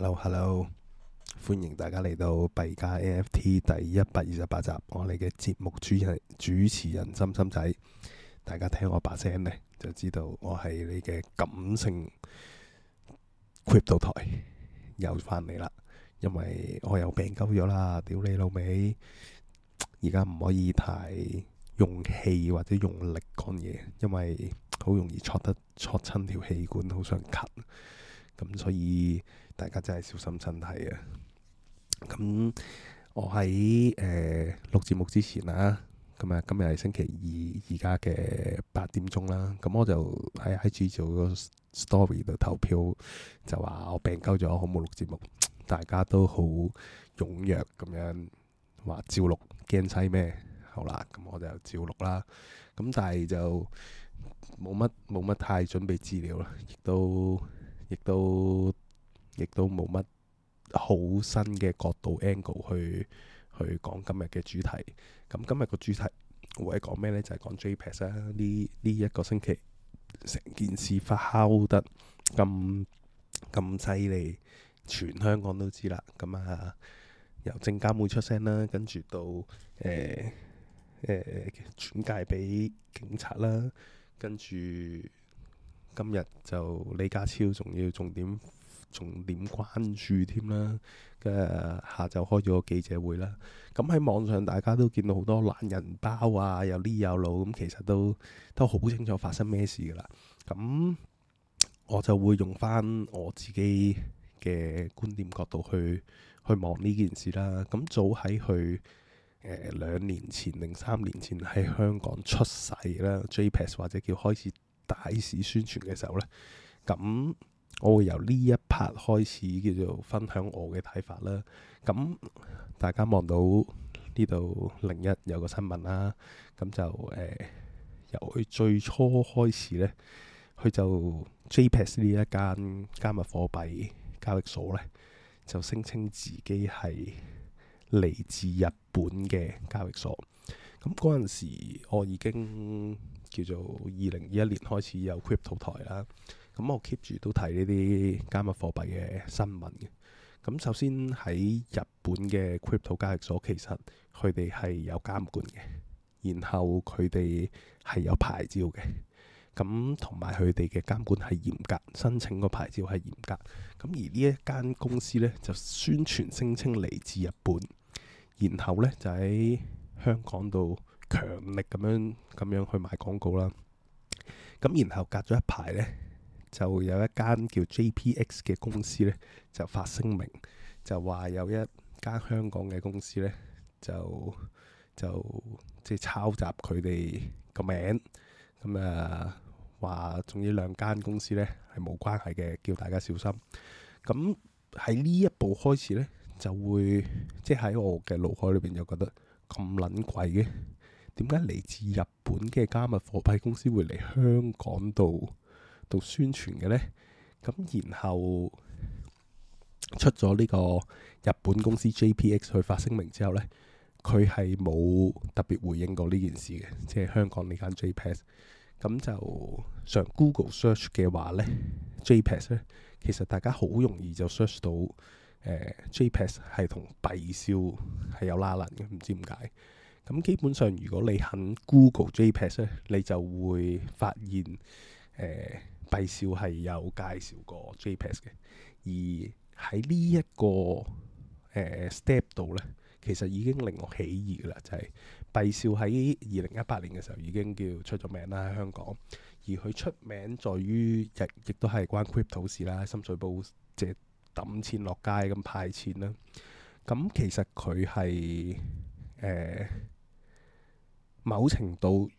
Hello，Hello，hello。歡迎大家嚟到幣加 NFT 第一百二十八集。我哋嘅節目主，主持人主持人心心仔，大家聽我把聲呢，就知道我係你嘅感情 cut 到台又翻嚟啦。因為我又病鳩咗啦，屌你老味！而家唔可以太用氣或者用力講嘢，因為好容易戳得戳親條氣管，好想咳。咁所以大家真係小心身體啊！咁我喺誒錄節目之前啊，咁啊今日係星期二，而家嘅八點鐘啦。咁我就喺 IG 做個 story 度投票，就話我病夠咗，好冇錄節目？大家都好踴躍咁樣話照錄，驚悽咩？好啦，咁我就照錄啦。咁但係就冇乜冇乜太準備資料啦，亦都。亦都亦都冇乜好新嘅角度 angle 去去講今日嘅主題。咁今日個主題會講咩呢？就係講 JPEX 啦、啊。呢呢一個星期成件事發酵得咁咁犀利，全香港都知啦。咁啊，由證監會出聲啦，跟住到誒誒轉介俾警察啦，跟住。今日就李家超仲要重點重點關注添啦，跟下晝開咗個記者會啦。咁、嗯、喺網上大家都見到好多懶人包啊，有呢有腦，咁、嗯、其實都都好清楚發生咩事噶啦。咁、嗯、我就會用翻我自己嘅觀點角度去去望呢件事啦。咁、嗯、早喺佢誒兩年前、定、呃、三年前喺香港出世啦，JPEX 或者叫開始。大肆宣傳嘅時候呢，咁我會由呢一 part 開始叫做分享我嘅睇法啦。咁大家望到呢度另一有個新聞啦、啊，咁就誒、呃、由佢最初開始呢，佢就 JPEX 呢一間加密貨幣交易所呢，就聲稱自己係嚟自日本嘅交易所。咁嗰陣時，我已經。叫做二零二一年開始有 crypto 台啦，咁我 keep 住都睇呢啲加密貨幣嘅新聞嘅。咁首先喺日本嘅 crypto 交易所，其實佢哋係有監管嘅，然後佢哋係有牌照嘅，咁同埋佢哋嘅監管係嚴格，申請個牌照係嚴格。咁而呢一間公司呢，就宣傳聲稱嚟自日本，然後呢就喺香港度，強力咁樣咁樣去買廣告啦。咁然後隔咗一排呢，就有一間叫 JPEX 嘅公司呢，就發聲明，就話有一間香港嘅公司呢，就就即係、就是、抄襲佢哋個名咁啊。話仲要兩間公司呢係冇關係嘅，叫大家小心。咁喺呢一步開始呢，就會即係喺我嘅腦海裏邊就覺得咁撚貴嘅。點解嚟自日本嘅加密貨幣公司會嚟香港度宣傳嘅呢？咁然後出咗呢個日本公司 JPEX 去發聲明之後呢，佢係冇特別回應過呢件事嘅。即係香港呢間 JPEX，咁就上 Google search 嘅話呢、嗯、JPEX 呢其實大家好容易就 search 到誒、呃、JPEX 係同幣銷係有拉攏嘅，唔知點解。咁基本上，如果你肯 Google JPEX 咧，你就會發現，誒、呃，幣少係有介紹過 JPEX 嘅。而喺、這個呃、呢一個誒 step 度咧，其實已經令我起疑啦。就係幣少喺二零一八年嘅時候已經叫出咗名啦喺香港了了，而佢出名在於亦亦都係關 Crypto 事啦，《深水埗借抌錢落街》咁派錢啦。咁其實佢係誒。呃某程度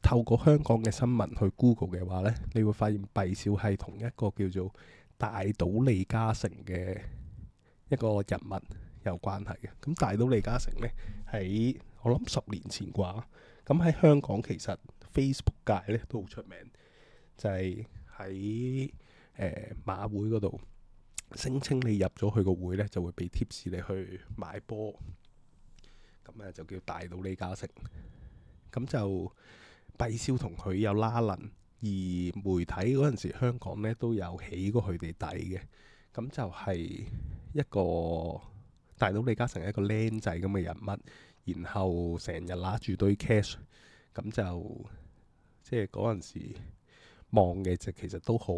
透過香港嘅新聞去 Google 嘅話呢，你會發現幣少係同一個叫做大島李嘉誠嘅一個人物有關係嘅。咁大島李嘉誠呢，喺我諗十年前啩，咁喺香港其實 Facebook 界呢都好出名，就係喺誒馬會嗰度聲稱你入咗佢個會呢，就會俾貼士你去買波，咁啊就叫大島李嘉誠。咁就畢少同佢有啦掕，而媒體嗰陣時香港咧都有起過佢哋底嘅，咁就係一個大佬李嘉誠一個靚仔咁嘅人物，然後成日拿住堆 cash，咁就即係嗰陣時望嘅就其實都好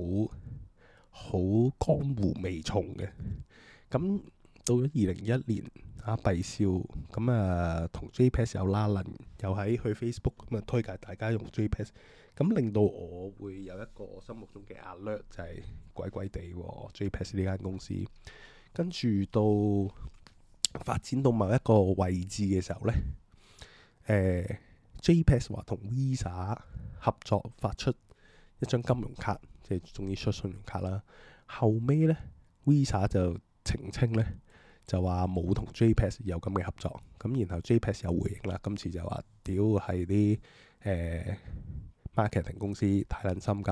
好江湖味重嘅，咁。到咗二零一年，啊閉燒咁、嗯、啊，同 JPEX 有拉輪，又喺去 Facebook 咁啊推介大家用 JPEX 咁、嗯、令到我會有一個心目中嘅壓略，就係鬼鬼地 JPEX 呢間公司。跟住到發展到某一個位置嘅時候咧，誒、呃、JPEX 話同 Visa 合作發出一張金融卡，即係終於出信用卡啦。後尾咧 Visa 就澄清咧。就話冇同 JPEX 有咁嘅合作，咁然後 JPEX 有回應啦。今次就話屌係啲 marketing 公司太撚心急，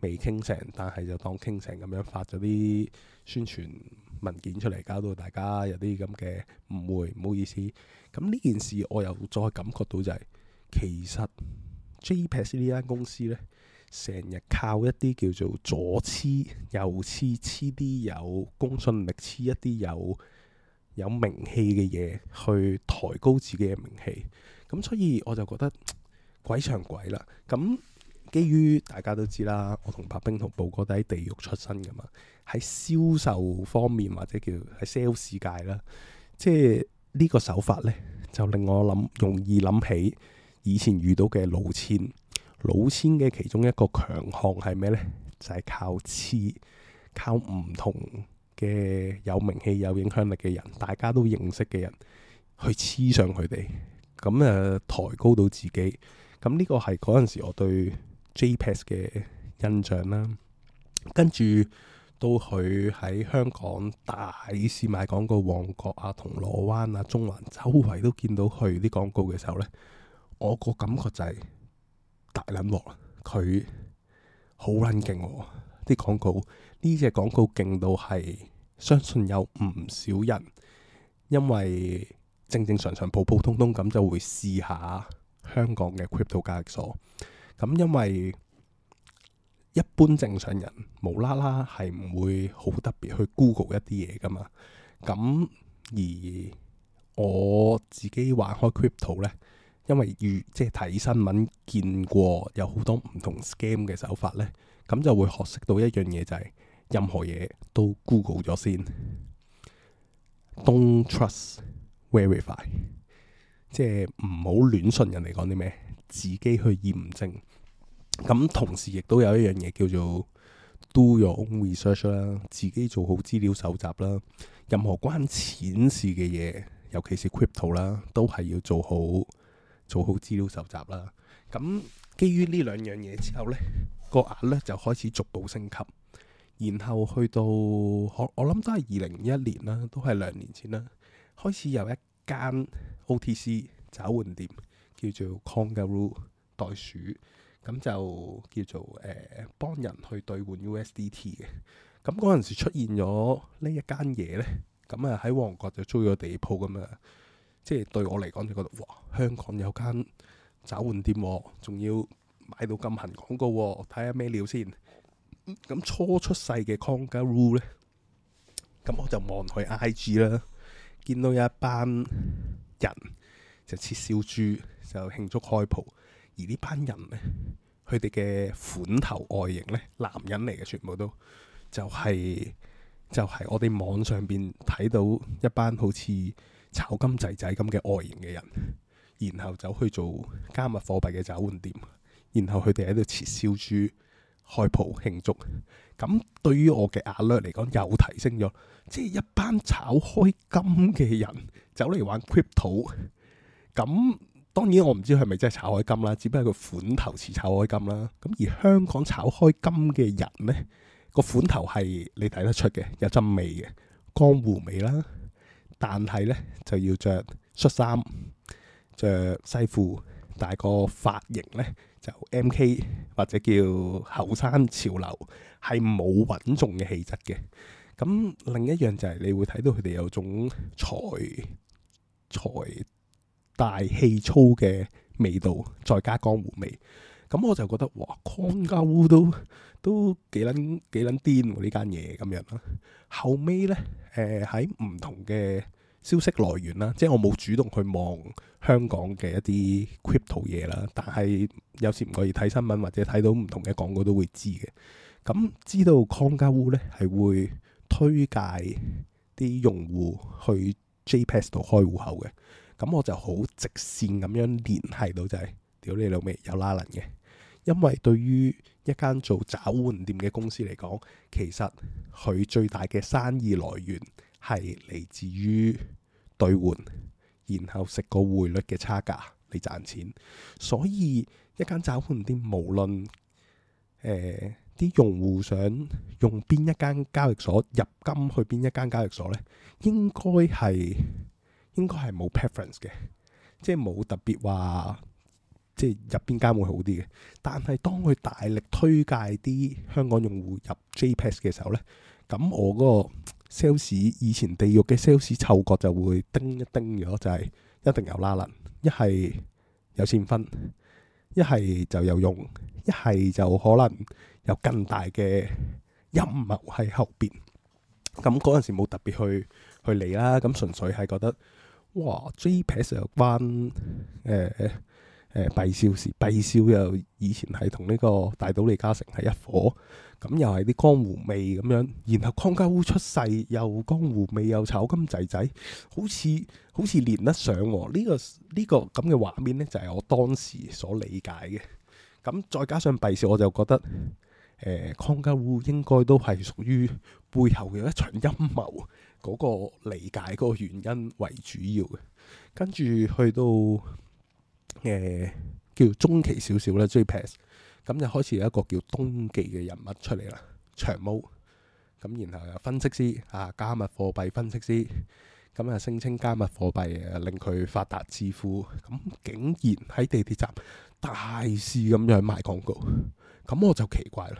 未傾成，但係就當傾成咁樣發咗啲宣傳文件出嚟，搞到大家有啲咁嘅誤會，唔好意思。咁呢件事我又再感覺到就係、是，其實 JPEX 呢間公司呢，成日靠一啲叫做左黐右黐黐啲有公信力黐一啲有。有名氣嘅嘢去抬高自己嘅名氣，咁所以我就覺得鬼上鬼啦。咁基於大家都知啦，我同白兵同布哥都喺地獄出身噶嘛。喺銷售方面或者叫喺 sales 界啦，即係呢個手法呢，就令我諗容易諗起以前遇到嘅老千。老千嘅其中一個強項係咩呢？就係、是、靠黐，靠唔同。嘅有名氣、有影響力嘅人，大家都認識嘅人，去黐上佢哋，咁誒抬高到自己。咁呢個係嗰陣時我對 JPEX 嘅印象啦。跟住到佢喺香港大肆賣廣告，旺角啊、銅鑼灣啊、中環、啊、周圍都見到佢啲廣告嘅時候呢，我個感覺就係大撚鑊，佢好撚勁喎，啲廣告。呢隻廣告勁到係，相信有唔少人，因為正正常常、普普通通咁就會試下香港嘅 crypto 交易所。咁因為一般正常人無啦啦係唔會好特別去 Google 一啲嘢㗎嘛。咁而我自己玩開 crypto 呢，因為越即係睇新聞見過有好多唔同 scam 嘅手法呢，咁就會學識到一樣嘢就係、是。任何嘢都 Google 咗先，Don't trust, verify，即係唔好亂信人哋講啲咩，自己去驗證。咁同時亦都有一樣嘢叫做 do your own research 啦，自己做好資料搜集啦。任何關錢事嘅嘢，尤其是 crypto 啦，都係要做好做好資料搜集啦。咁基於呢兩樣嘢之後呢，個額呢，就開始逐步升級。然後去到我我諗都係二零一年啦，都係兩年前啦，開始有一間 OTC 找換店叫做 Kangaroo 袋鼠，咁就叫做誒幫、呃、人去兌換 USDT 嘅。咁嗰陣時出現咗呢一間嘢呢，咁啊喺旺角就租咗地鋪咁啊，即係對我嚟講就覺得哇，香港有間找換店喎，仲要買到咁恆廣告喎，睇下咩料先。咁初出世嘅 Congru 咧，咁我就望去 IG 啦，見到有一班人就切燒豬，就慶祝開鋪。而呢班人咧，佢哋嘅款頭外形咧，男人嚟嘅，全部都就係就係我哋網上邊睇到一班好似炒金仔仔咁嘅外形嘅人，然後走去做加密貨幣嘅找換店，然後佢哋喺度切燒豬。開鋪慶祝，咁對於我嘅壓力嚟講，又提升咗。即係一班炒開金嘅人走嚟玩 crypto，咁當然我唔知係咪真係炒開金啦，只不過個款頭似炒開金啦。咁而香港炒開金嘅人呢，個款頭係你睇得出嘅，有陣味嘅江湖味啦。但係呢，就要着恤衫、着西褲，大個髮型呢。就 MK 或者叫後生潮流係冇穩重嘅氣質嘅。咁另一樣就係你會睇到佢哋有種財財大氣粗嘅味道，再加江湖味。咁我就覺得哇，康家屋都都幾撚幾撚癲喎，呢間嘢咁樣啦。後尾呢，誒喺唔同嘅消息來源啦，即係我冇主動去望香港嘅一啲 crypto 嘢啦，但係有時唔覺意睇新聞或者睇到唔同嘅廣告都會知嘅。咁、嗯、知道康家屋呢係會推介啲用戶去 JPEX 度開戶口嘅，咁、嗯、我就好直線咁樣聯繫到就係、是，屌你老味有拉撚嘅，因為對於一間做找換店嘅公司嚟講，其實佢最大嘅生意來源。係嚟自於兌換，然後食個匯率嘅差價嚟賺錢。所以一間找換店無論誒啲、呃、用戶想用邊一間交易所入金去邊一間交易所呢應該係應該係冇 preference 嘅，即係冇特別話即係入邊間會好啲嘅。但係當佢大力推介啲香港用戶入 JPEX 嘅時候呢咁我嗰、個。sales 以前地獄嘅 sales 嗅覺就會叮一叮咗，就係、是、一定有拉力，一係有錢分，一係就有用，一係就可能有更大嘅陰謀喺後邊。咁嗰陣時冇特別去去理啦，咁純粹係覺得哇，JPEX 有關誒。呃誒，畢少時，畢少又以前係同呢個大島李嘉誠係一伙，咁又係啲江湖味咁樣。然後康家屋出世，又江湖味又炒金仔仔，好似好似連得上喎、哦。呢、這個呢、這個咁嘅畫面呢，就係我當時所理解嘅。咁再加上畢少，我就覺得誒、呃、康家屋應該都係屬於背後嘅一場陰謀嗰個理解嗰個原因為主要嘅。跟住去到。誒、呃，叫中期少少啦 JPEX，咁就開始有一個叫冬季嘅人物出嚟啦，長毛，咁然後有分析師啊，加密貨幣分析師，咁啊聲稱加密貨幣、啊、令佢發達致富，咁竟然喺地鐵站大肆咁樣賣廣告，咁我就奇怪啦，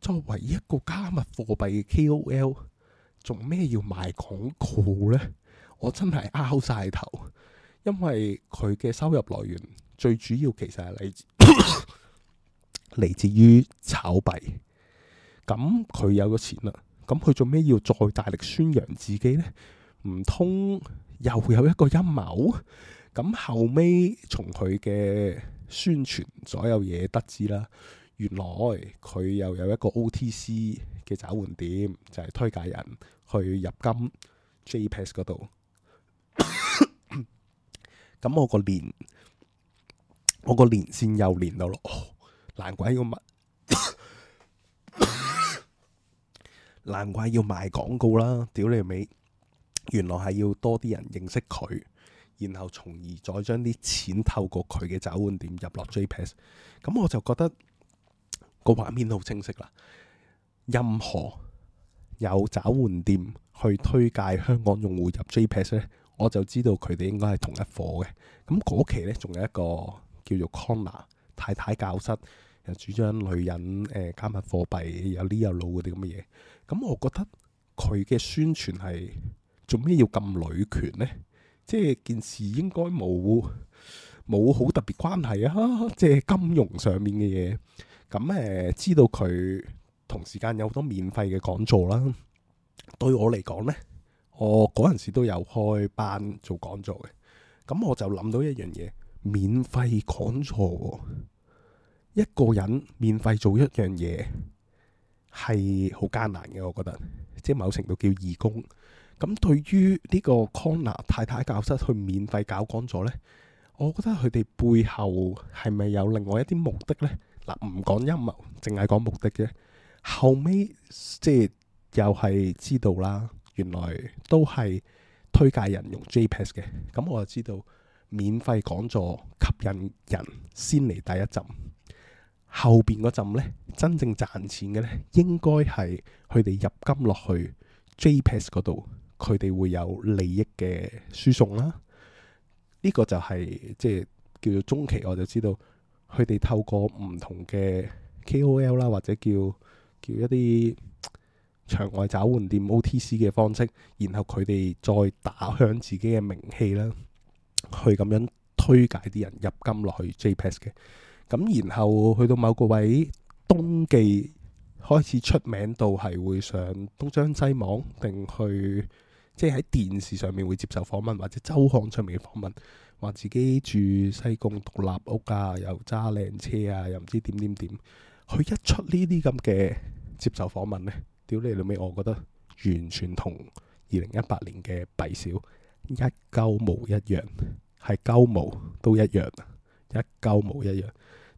作為一個加密貨幣嘅 KOL，做咩要賣廣告呢？我真係拗晒頭。因為佢嘅收入來源最主要其實係嚟自嚟 自於炒幣，咁佢有咗錢啦，咁佢做咩要再大力宣揚自己呢？唔通，又有一個陰謀？咁後尾從佢嘅宣傳所有嘢得知啦，原來佢又有一個 OTC 嘅找換點，就係、是、推介人去入金 JPEX 嗰度。咁我個連，我個連線又連到咯，哦，難怪個乜？ 難怪要賣廣告啦！屌你尾，原來係要多啲人認識佢，然後從而再將啲錢透過佢嘅找換店入落 JPEX。咁我就覺得，個畫面好清晰啦。任何有找換店去推介香港用戶入 JPEX 咧。我就知道佢哋應該係同一伙嘅。咁嗰期呢，仲有一個叫做 Conna 太太教室，又主張女人誒、呃、加密貨幣有呢有腦嗰啲咁嘅嘢。咁我覺得佢嘅宣傳係做咩要咁女權呢？即係件事應該冇冇好特別關係啊！呵呵，即係金融上面嘅嘢。咁誒、呃、知道佢同時間有好多免費嘅講座啦。對我嚟講呢。我嗰陣時都有開班做講座嘅，咁我就諗到一樣嘢，免費講座喎、哦，一個人免費做一樣嘢係好艱難嘅。我覺得即係某程度叫義工。咁對於呢個康納太太教室去免費搞講座呢，我覺得佢哋背後係咪有另外一啲目的呢？嗱、呃，唔講陰謀，淨係講目的嘅。後尾即係又係知道啦。原來都係推介人用 JPEX 嘅，咁我就知道免費講座吸引人先嚟第一陣，後邊嗰陣咧真正賺錢嘅呢，應該係佢哋入金落去 JPEX 嗰度，佢哋會有利益嘅輸送啦。呢、呢個就係即係叫做中期，我就知道佢哋透過唔同嘅 KOL 啦，或者叫叫一啲。場外找換店 OTC 嘅方式，然後佢哋再打響自己嘅名氣啦，去咁樣推介啲人入金落去 JPEX 嘅。咁然後去到某個位，冬季開始出名到係會上東張西望，定去即係喺電視上面會接受訪問，或者周刊上面嘅訪問，話自己住西貢獨立屋啊，又揸靚車啊，又唔知點點點。佢一出呢啲咁嘅接受訪問呢。屌你老味，我覺得完全同二零一八年嘅幣少一鳩毛一樣，係鳩毛都一樣一鳩毛一樣，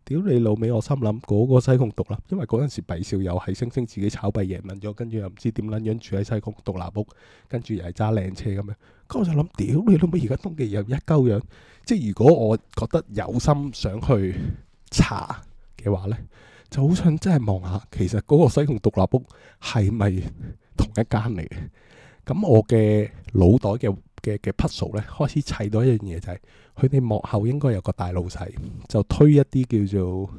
屌你老味。我心諗嗰個西貢獨立，因為嗰陣時幣少又係星星自己炒幣贏咗，跟住又唔知點撚樣住喺西貢獨立屋，跟住又係揸靚車咁樣。咁我就諗，屌你老味，而家東記又一鳩樣，即係如果我覺得有心想去查嘅話呢。就好想真係望下，其實嗰個西貢獨立屋係咪同一間嚟嘅？咁我嘅腦袋嘅嘅嘅 puzzle 咧，開始砌到一樣嘢就係佢哋幕後應該有個大老細，就推一啲叫做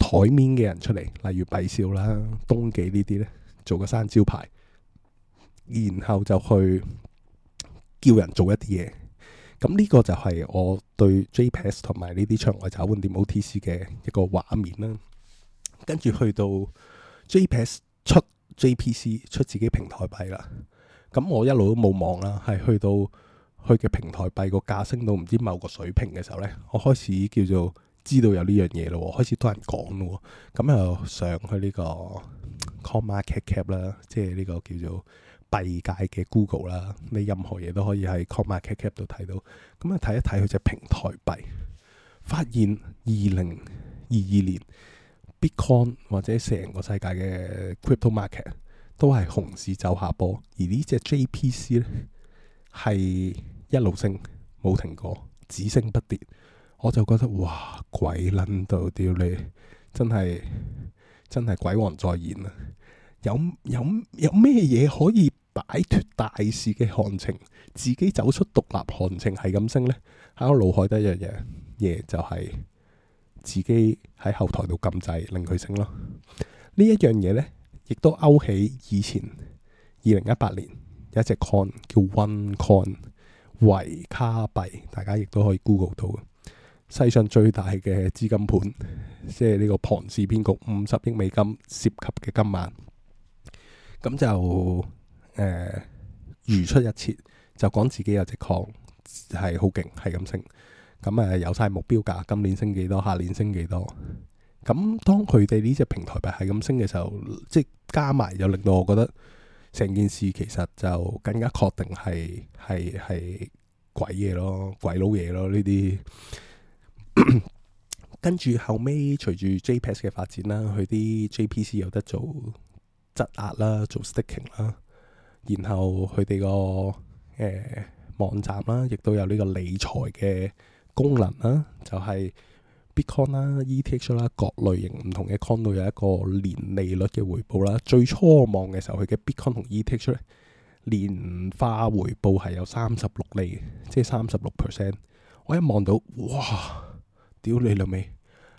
台面嘅人出嚟，例如米少啦、東記呢啲咧，做個生招牌，然後就去叫人做一啲嘢。咁呢個就係我對 JPEX 同埋呢啲場外找換店 OTC 嘅一個畫面啦。跟住去到 JPEX 出 JPC 出自己平台幣啦，咁我一路都冇望啦，係去到佢嘅平台幣個價升到唔知某個水平嘅時候咧，我開始叫做知道有呢樣嘢咯，開始多人講咯，咁又上去呢個 CoinMarketCap 啦，即係呢個叫做幣界嘅 Google 啦，你任何嘢都可以喺 CoinMarketCap 度睇到，咁啊睇一睇佢隻平台幣，發現二零二二年。Bitcoin 或者成個世界嘅 crypto market 都係熊市走下坡，而呢隻 JPC 呢係一路升冇停過，只升不跌，我就覺得哇鬼捻到屌你，真係真係鬼王再現啊！有有有咩嘢可以擺脫大市嘅行情，自己走出獨立行情係咁升呢？喺我腦海得一樣嘢，嘢就係。自己喺後台度撳掣令佢升咯，呢一樣嘢呢，亦都勾起以前二零一八年有一隻 coin 叫 OneCoin 維卡幣，大家亦都可以 Google 到。世上最大嘅資金盤，即係呢個龐氏騙局，五十億美金涉及嘅金額，咁就誒、呃、如出一轍，就講自己有隻 coin 係好勁，係咁升。咁誒、嗯、有晒目標價，今年升幾多，下年升幾多？咁當佢哋呢隻平台幣係咁升嘅時候，即係加埋又令到我覺得成件事其實就更加確定係係係鬼嘢咯，鬼佬嘢咯呢啲。 跟住後尾，隨住 JPEX 嘅發展啦，佢啲 JPC 有得做質押啦，做 staking 啦，然後佢哋個誒網站啦，亦都有呢個理財嘅。功能啦、啊，就係、是、Bitcoin 啦、e、E.T.H. 啦，各類型唔同嘅 coin 度有一個年利率嘅回報啦。最初望嘅時候，佢嘅 Bitcoin 同 E.T.H. 年化回報係有三十六厘，即係三十六 percent。我一望到，哇！屌你老味，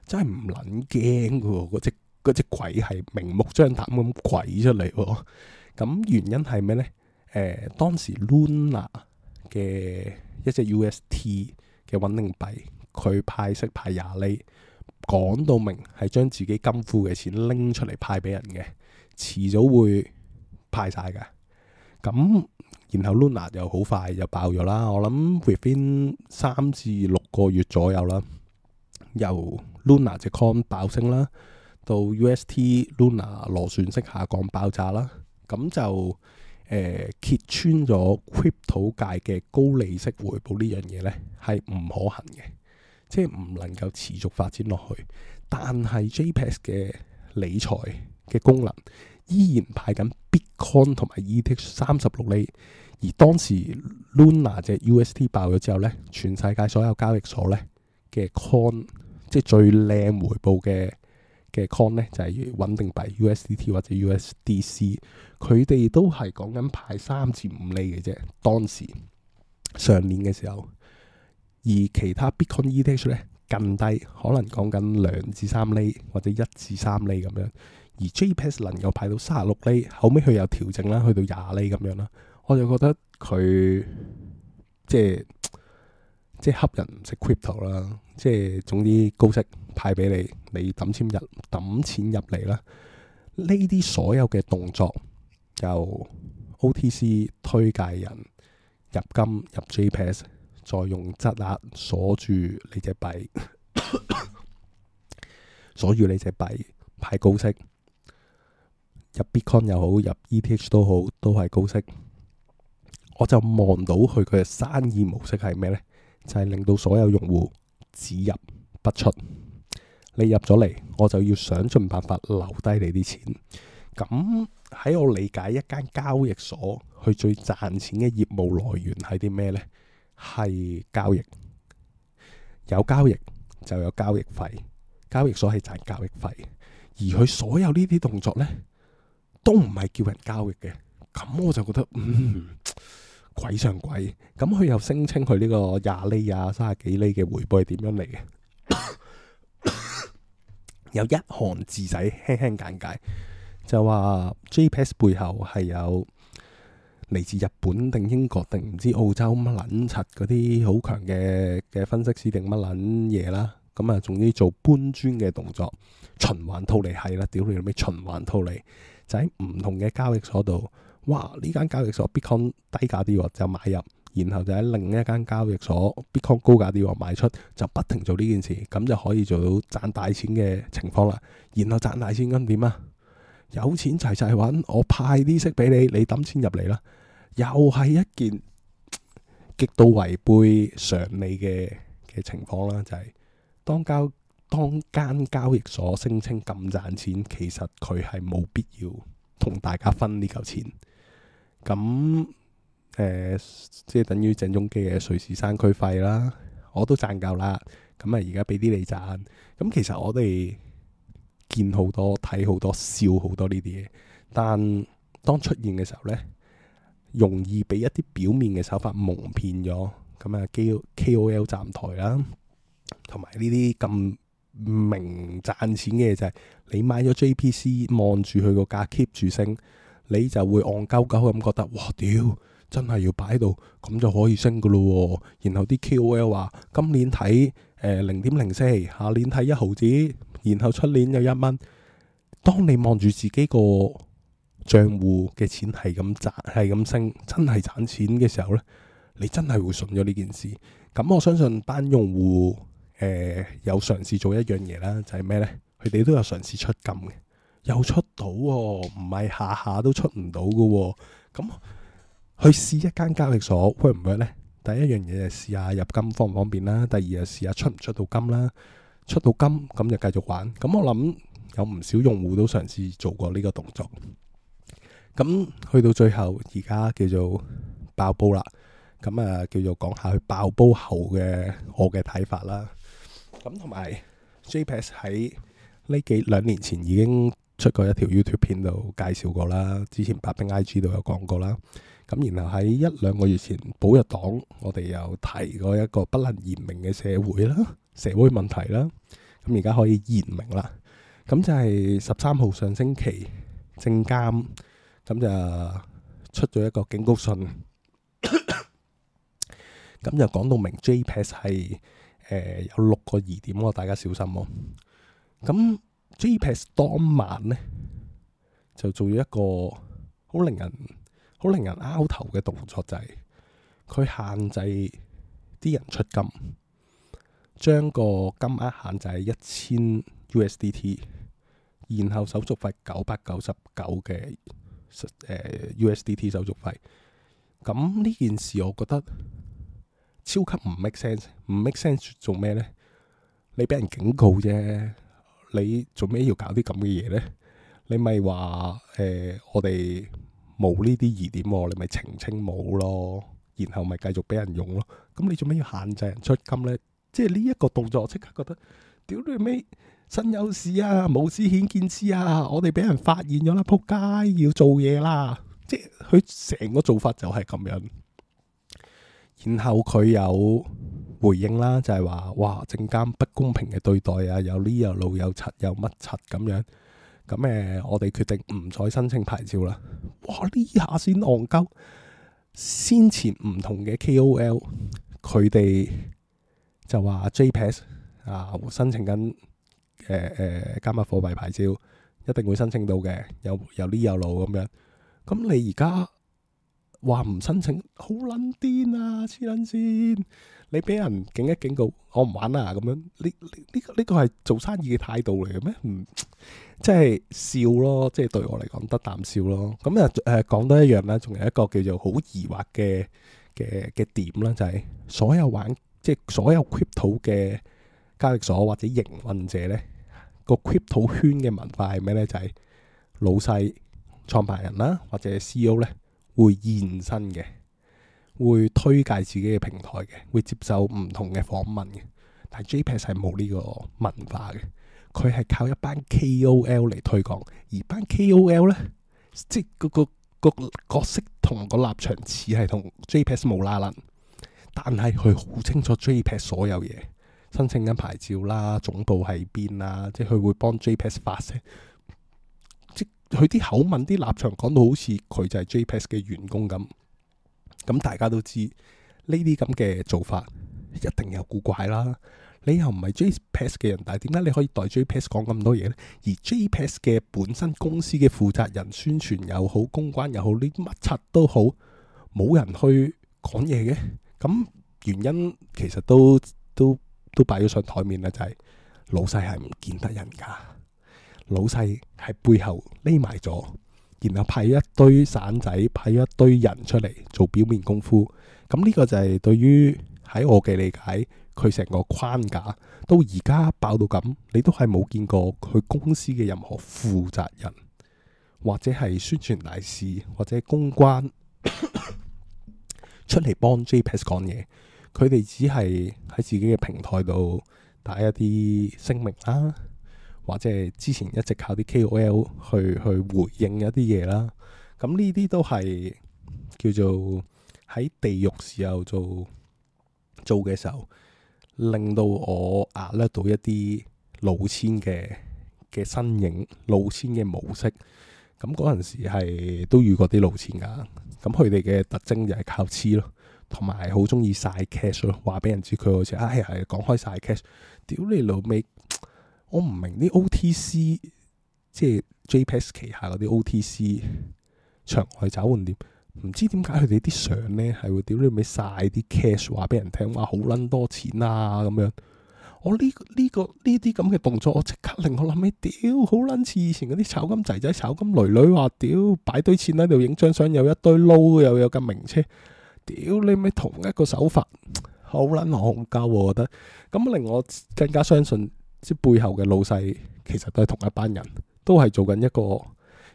真係唔撚驚嘅喎。嗰隻隻鬼係明目張膽咁鬼出嚟喎。咁原因係咩呢？誒、呃，當時 Luna 嘅一隻 U.S.T 嘅穩定幣，佢派息派廿厘，講到明係將自己金庫嘅錢拎出嚟派俾人嘅，遲早會派晒㗎。咁然後 Luna 又好快就爆咗啦，我諗 within 三至六個月左右啦，由 Luna 隻 coin 爆升啦，到 UST Luna 螺旋式下降爆炸啦，咁就。誒、呃、揭穿咗 Crypto 界嘅高利息回報呢樣嘢呢，係唔可行嘅，即係唔能夠持續發展落去。但係 JPEX 嘅理財嘅功能依然排緊 Bitcoin 同埋 ETH 三十六釐。而當時 Luna 隻 USD 爆咗之後呢，全世界所有交易所呢嘅 Coin 即係最靚回報嘅。嘅 Coin 咧就係、是、穩定幣 USDT 或者 USDC，佢哋都係講緊排三至五厘嘅啫。當時上年嘅時候，而其他 Bitcoin ETH 咧更低，可能講緊兩至三厘或者一至三厘咁樣，而 JPEX 能夠排到三十六厘，後尾佢又調整啦，去到廿厘咁樣啦。我就覺得佢即係即係恰人唔識 Crypto 啦。即係總之高息派俾你，你抌錢入抌錢入嚟啦。呢啲所有嘅動作由 O T C 推介人入金入 JPEX，再用質押鎖住你隻幣，鎖 住你隻幣派高息入 Bitcoin 又好，入 E T H 都好，都係高息。我就望到佢嘅生意模式係咩呢？就係、是、令到所有用戶。只入不出，你入咗嚟，我就要想盡辦法留低你啲錢。咁喺我理解，一間交易所佢最賺錢嘅業務來源係啲咩呢？係交易，有交易就有交易費，交易所係賺交易費。而佢所有呢啲動作呢，都唔係叫人交易嘅。咁我就覺得，嗯。鬼上鬼，咁佢又聲稱佢呢個廿釐啊、三十幾厘嘅回報係點樣嚟嘅？ 有一行字仔輕輕簡介，就話 JPEX 背後係有嚟自日本定英國定唔知澳洲乜撚柒嗰啲好強嘅嘅分析師定乜撚嘢啦，咁啊，仲要做搬磚嘅動作，循環套利係啦，屌你老味循環套利！就喺唔同嘅交易所度，哇！呢間交易所 Bitcoin 低價啲喎，就買入，然後就喺另一間交易所 Bitcoin 高價啲喎賣出，就不停做呢件事，咁就可以做到賺大錢嘅情況啦。然後賺大錢咁點啊？有錢齊齊就揾我派啲息俾你，你抌錢入嚟啦。又係一件極度違背常理嘅嘅情況啦，就係、是、當交。當間交易所聲稱咁賺錢，其實佢係冇必要同大家分呢嚿錢。咁、嗯、誒、呃，即係等於鄭中基嘅瑞士山區費啦，我都賺夠啦。咁、嗯、啊，而家俾啲你賺。咁、嗯、其實我哋見好多、睇好多、笑好多呢啲嘢，但當出現嘅時候呢，容易俾一啲表面嘅手法蒙騙咗。咁、嗯、啊，KOL 站台啦，同埋呢啲咁。明賺錢嘅就係你買咗 JPC，望住佢個價 keep 住升，你就會戇鳩鳩咁覺得，哇！屌，真係要擺喺度，咁就可以升噶咯。然後啲 KOL 話今年睇誒零點零四，呃、04，下年睇一毫子，然後出年有一蚊。當你望住自己個賬戶嘅錢係咁賺，係咁升，真係賺錢嘅時候呢，你真係會信咗呢件事。咁我相信班用戶。誒，有嘗試做一樣嘢啦，就係、是、咩呢？佢哋都有嘗試出金嘅，有出到喎、哦，唔係下下都出唔到嘅。咁、嗯、去試一間交易所會唔會呢？第一樣嘢就試下入金方唔方便啦，第二就試下出唔出到金啦。出到金咁就繼續玩。咁、嗯、我諗有唔少用戶都嘗試做過呢個動作。咁、嗯、去到最後而家叫做爆煲啦。咁、嗯、啊，叫做講下佢爆煲後嘅我嘅睇法啦。咁同埋 JPEX 喺呢幾兩年前已經出過一條 YouTube 片度介紹過啦，之前白兵 IG 都有講過啦。咁然後喺一兩個月前寶藥黨，我哋又提過一個不能言明嘅社會啦，社會問題啦。咁而家可以言明啦。咁就係十三號上星期，證監咁就出咗一個警告信。咁 就講到明 JPEX 係。誒、呃、有六個疑點喎，大家小心喎、喔。咁 JPEX 當晚呢，就做咗一個好令人好令人拗頭嘅動作，就係、是、佢限制啲人出金，將個金額限制一千 USDT，然後手續費九百九十九嘅誒 USDT 手續費。咁呢件事，我覺得。超級唔 make sense，唔 make sense 做咩呢？你俾人警告啫，你做咩要搞啲咁嘅嘢呢？你咪話誒，我哋冇呢啲疑點喎，你咪澄清冇咯，然後咪繼續俾人用咯。咁你做咩要限制人出金呢？即係呢一個動作，我即刻覺得屌你咪身有事啊，冇事顯見知啊！我哋俾人發現咗啦，仆街要做嘢啦！即係佢成個做法就係咁樣。然後佢有回應啦，就係、是、話：哇，證監不公平嘅對待啊，有呢又路，有柒有乜柒咁樣。咁誒、嗯嗯，我哋決定唔再申請牌照啦。哇！呢下先戇鳩。先前唔同嘅 KOL，佢哋就話 JPEX 啊，申請緊誒誒加密貨幣牌照，一定會申請到嘅。有有呢又路咁樣。咁你而家？嗯嗯嗯話唔申請，好撚癲啊，黐撚線！你俾人警一警告，我唔玩啦，啊、咁樣。呢呢、呢個呢、呢個係做生意嘅態度嚟嘅咩？唔、嗯，即係笑咯，即係對我嚟講得啖笑咯。咁啊誒講多一樣啦，仲有一個叫做好疑惑嘅嘅嘅點啦，就係、是、所有玩即係、就是、所有 crypto 嘅交易所或者營運者咧，個 crypto 圈嘅文化係咩咧？就係、是、老細創辦人啦或者 CEO 咧。會現身嘅，會推介自己嘅平台嘅，會接受唔同嘅訪問嘅。但係 JPEX 係冇呢個文化嘅，佢係靠一班 KOL 嚟推廣，而班 KOL 呢，即係個個角色同個立場似係同 JPEX 冇啦啦，但係佢好清楚 JPEX 所有嘢，申請緊牌照啦，總部喺邊啦，即係佢會幫 JPEX 發聲。佢啲口吻、啲立場講到好似佢就係 JPEX 嘅員工咁，咁大家都知呢啲咁嘅做法一定有古怪啦。你又唔係 JPEX 嘅人，但係點解你可以代 JPEX 講咁多嘢呢？而 JPEX 嘅本身公司嘅負責人宣傳又好、公關又好、呢乜柒都好，冇人去講嘢嘅。咁原因其實都都都擺咗上台面啦，就係、是、老細係唔見得人㗎。老細喺背後匿埋咗，然後派一堆散仔，派一堆人出嚟做表面功夫。咁、這、呢個就係對於喺我嘅理解，佢成個框架到而家爆到咁，你都係冇見過佢公司嘅任何負責人或者係宣傳大使或者公關 出嚟幫 JPEX 講嘢，佢哋只係喺自己嘅平台度打一啲聲明啦、啊。或者係之前一直靠啲 KOL 去去回應一啲嘢啦，咁呢啲都係叫做喺地獄時候做做嘅時候，令到我壓甩到一啲老千嘅嘅身形老千嘅模式。咁嗰陣時係都遇過啲老千噶，咁佢哋嘅特徵就係靠黐咯，同埋好中意晒 cash 咯，話俾人知佢好似，哎係講開晒 cash，屌你老味！我唔明啲 OTC 即係 JPEX 旗下嗰啲 OTC 場外找換店，唔知點解佢哋啲相咧係會屌你咪晒啲 cash 話俾人聽，話好捻多錢啊咁樣。我呢、這、呢個呢啲咁嘅動作，我即刻令我諗起，屌好捻似以前嗰啲炒金仔仔、炒金女女話屌擺堆錢喺度影張相，又一堆撈，又有架名車，屌你咪同一個手法，好捻戇鳩，我覺得咁令我更加相信。即係背後嘅老細，其實都係同一班人，都係做緊一個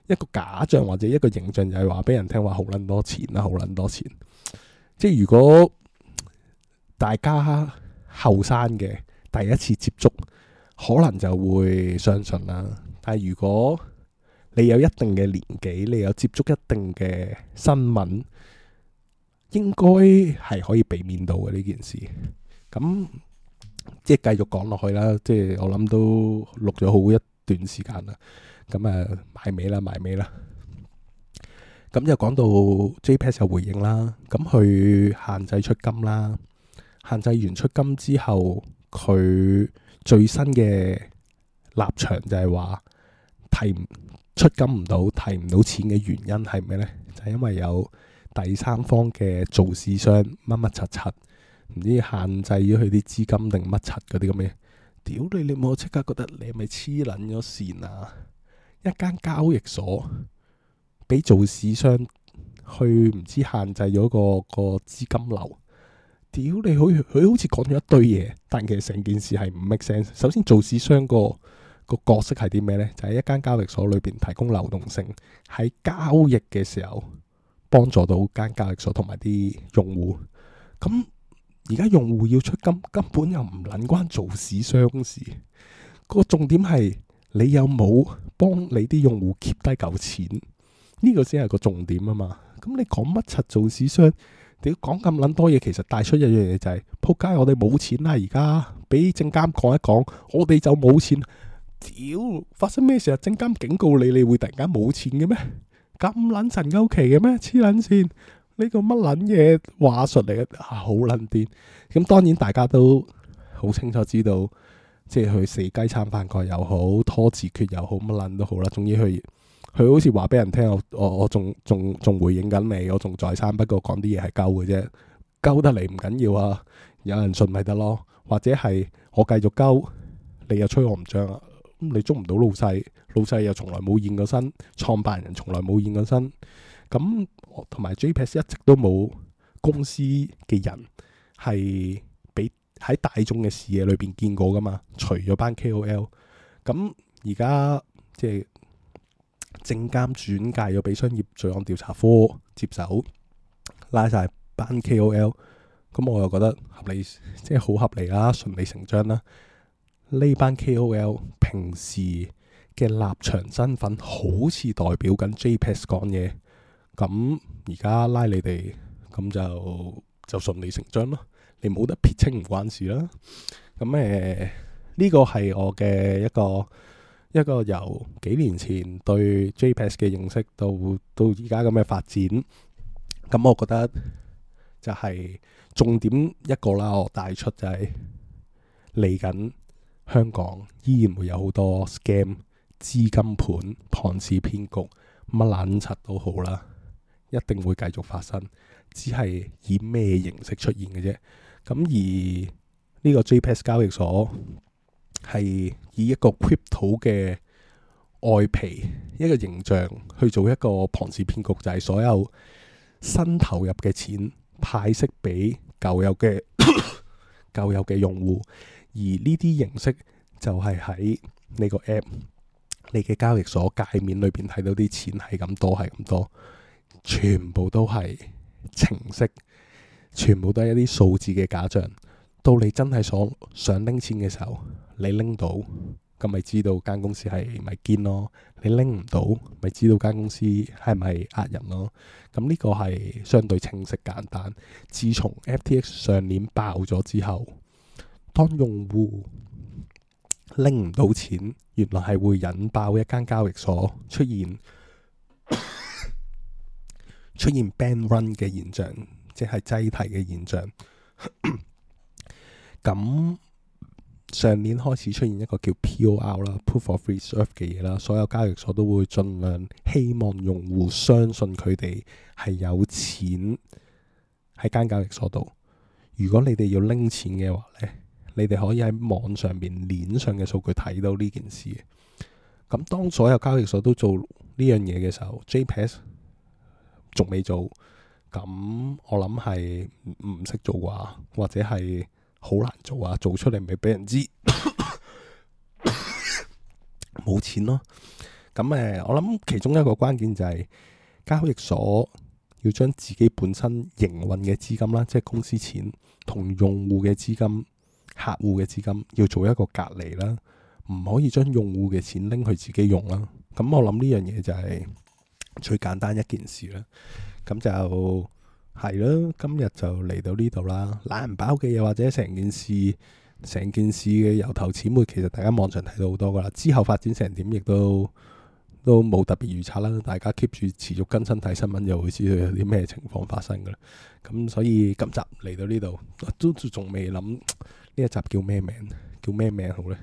一個假象或者一個形象就，就係話俾人聽話好捻多錢啦、啊，好捻多錢。即係如果大家後生嘅第一次接觸，可能就會相信啦。但係如果你有一定嘅年紀，你有接觸一定嘅新聞，應該係可以避免到嘅呢件事。咁。即係繼續講落去啦，即係我諗都錄咗好一段時間啦。咁啊，埋尾啦，埋尾啦。咁又講到 JPEX 就回應啦，咁佢限制出金啦，限制完出金之後，佢最新嘅立場就係話提唔出金唔到，提唔到錢嘅原因係咩呢？就係、是、因為有第三方嘅做市商乜乜柒柒。褪褪七七唔知限制咗佢啲資金定乜柒嗰啲咁嘅，屌你！你冇即刻覺得你係咪黐撚咗線啊！一間交易所俾做市商去唔知限制咗個個資金流，屌你！佢，佢好似講咗一堆嘢，但其實成件事係唔 make sense。首先，做市商個個角色係啲咩呢？就係、是、一間交易所裏邊提供流動性，喺交易嘅時候幫助到間交易所同埋啲用戶咁。而家用戶要出金，根本又唔諗關做市商事。重有有這個、個重點係你有冇幫你啲用戶 keep 低嚿錢？呢個先係個重點啊嘛。咁你講乜柒做市商？屌講咁撚多嘢，其實帶出一樣嘢就係、是，仆街！我哋冇錢啦，而家俾證監講一講，我哋就冇錢。屌發生咩事啊？證監警告你，你會突然間冇錢嘅咩？咁撚神勾奇嘅咩？黐撚線！呢個乜撚嘢話術嚟嘅？好撚癲！咁、嗯、當然大家都好清楚知道，即係佢死雞撐飯蓋又好，拖字訣又好，乜撚都好啦。總之佢佢好似話俾人聽，我我仲仲仲回應緊你，我仲在生。不過講啲嘢係鳩嘅啫，鳩得嚟唔緊要緊啊！有人信咪得咯？或者係我繼續鳩，你又吹我唔脹啊。咁你捉唔到老細，老細又從來冇現過身，創辦人從來冇現過身。咁同埋 JPEX 一直都冇公司嘅人係俾喺大眾嘅視野裏邊見過噶嘛？除咗班 KOL 咁而家即係證監轉介咗俾商業罪案調查科接手拉晒班 KOL 咁，我又覺得合理，即係好合理啦，順理成章啦。呢班 KOL 平時嘅立場身份好似代表緊 JPEX 講嘢。咁而家拉你哋咁就就順理成章咯。你冇得撇清唔關事啦。咁誒呢個係我嘅一個一個由幾年前對 JPEX 嘅認識到到而家咁嘅發展。咁我覺得就係重點一個啦。我帶出就係嚟緊香港依然會有好多 scam 資金盤、龐氏騙局乜撚柒都好啦。一定會繼續發生，只係以咩形式出現嘅啫。咁而呢個 JPEX 交易所係以一個 crypto 嘅外皮一個形象去做一個龐氏騙局，就係、是、所有新投入嘅錢派息俾舊有嘅舊 有嘅用戶。而呢啲形式就係喺呢個 app 你嘅交易所界面裏邊睇到啲錢係咁多，係咁多。全部都係程式，全部都係一啲數字嘅假象。到你真係想想拎錢嘅時候，你拎到，咁咪知道間公司係咪堅咯？你拎唔到，咪知道間公司係咪呃人咯？咁呢個係相對清晰簡單。自從 FTX 上年爆咗之後，當用戶拎唔到錢，原來係會引爆一間交易所出現。出現 bank run 嘅現象，即係擠提嘅現象。咁 上年開始出現一個叫 POR 啦 Proof of Reserve 嘅嘢啦，所有交易所都會盡量希望用戶相信佢哋係有錢喺間交易所度。如果你哋要拎錢嘅話呢，你哋可以喺網上面鏈上嘅數據睇到呢件事嘅。咁當所有交易所都做呢樣嘢嘅時候，JPEX。J 仲未做，咁我諗係唔識做啩，或者係好難做啊，做出嚟咪俾人知，冇 錢咯。咁誒，我諗其中一個關鍵就係、是、交易所要將自己本身營運嘅資金啦，即係公司錢同用戶嘅資金、客戶嘅資金，要做一個隔離啦，唔可以將用戶嘅錢拎去自己用啦。咁我諗呢樣嘢就係、是。最簡單一件事啦，咁就係咯。今日就嚟到呢度啦，懶人包嘅又或者成件事，成件事嘅由頭始末，其實大家網上睇到好多噶啦。之後發展成點，亦都都冇特別預測啦。大家 keep 住持續更新睇新聞，又會知道有啲咩情況發生噶啦。咁所以今集嚟到呢度，啊，都仲未諗呢一集叫咩名，叫咩名好呢？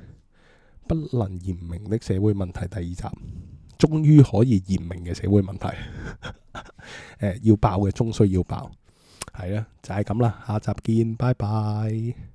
不能言明的社會問題第二集。終於可以言明嘅社會問題， 要爆嘅終須要爆，係啦，就係咁啦，下集見，拜拜。